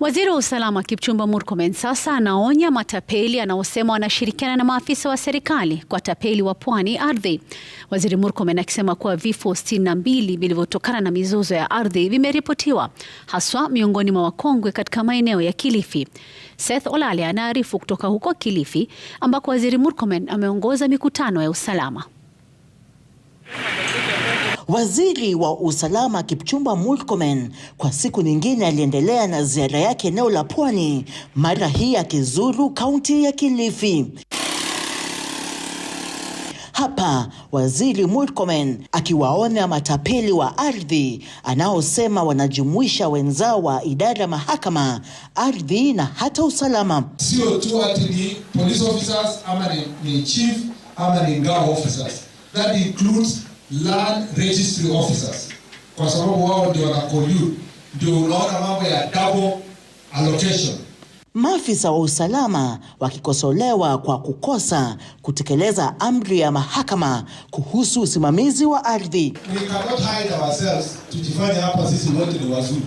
Waziri wa usalama Kipchumba Murkomen sasa anaonya matapeli anaosema wanashirikiana na maafisa wa serikali kwa tapeli wa pwani ardhi. Waziri Murkomen akisema kuwa vifo 62 na mbili vilivyotokana na mizozo ya ardhi vimeripotiwa haswa miongoni mwa wakongwe katika maeneo ya Kilifi. Seth Olale anaarifu kutoka huko Kilifi ambako Waziri Murkomen ameongoza mikutano ya usalama. Waziri wa usalama Kipchumba Murkomen kwa siku nyingine aliendelea na ziara yake eneo la Pwani, mara hii akizuru kaunti ya Kilifi. Hapa waziri Murkomen akiwaona matapeli wa ardhi anaosema wanajumuisha wenzao wa idara ya mahakama, ardhi na hata usalama. Sio tu ati ni police officers ama ni chief ama ni ngao officers, that includes land registry officers kwa sababu wao ndio wana ndio unaona mambo ya double allocation. Maafisa wa usalama wakikosolewa kwa kukosa kutekeleza amri ya mahakama kuhusu usimamizi wa ardhi. We cannot hide ourselves, tujifanye hapa sisi wote ni wazuri.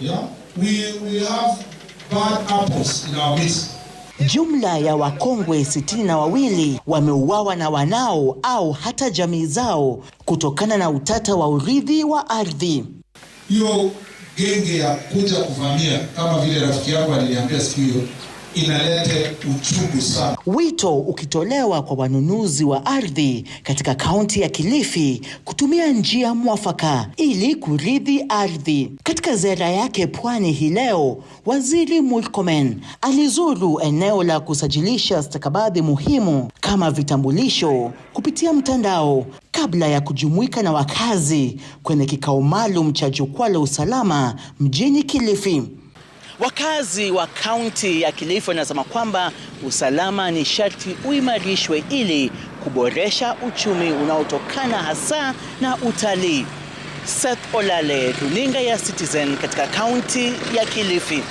Yeah? We, we have bad apples in our midst. Jumla ya wakongwe sitini na wawili wameuawa na wanao au hata jamii zao kutokana na utata wa urithi wa ardhi. Hiyo genge ya kuja kuvamia, kama vile rafiki yangu aliniambia siku hiyo inalete uchungu sana. Wito ukitolewa kwa wanunuzi wa ardhi katika kaunti ya Kilifi kutumia njia mwafaka ili kuridhi ardhi. Katika ziara yake pwani hii leo, Waziri Murkomen alizuru eneo la kusajilisha stakabadhi muhimu kama vitambulisho kupitia mtandao kabla ya kujumuika na wakazi kwenye kikao maalum cha jukwaa la usalama mjini Kilifi. Wakazi wa kaunti ya Kilifi wanasema kwamba usalama ni sharti uimarishwe ili kuboresha uchumi unaotokana hasa na utalii. Seth Olale, runinga ya Citizen katika kaunti ya Kilifi.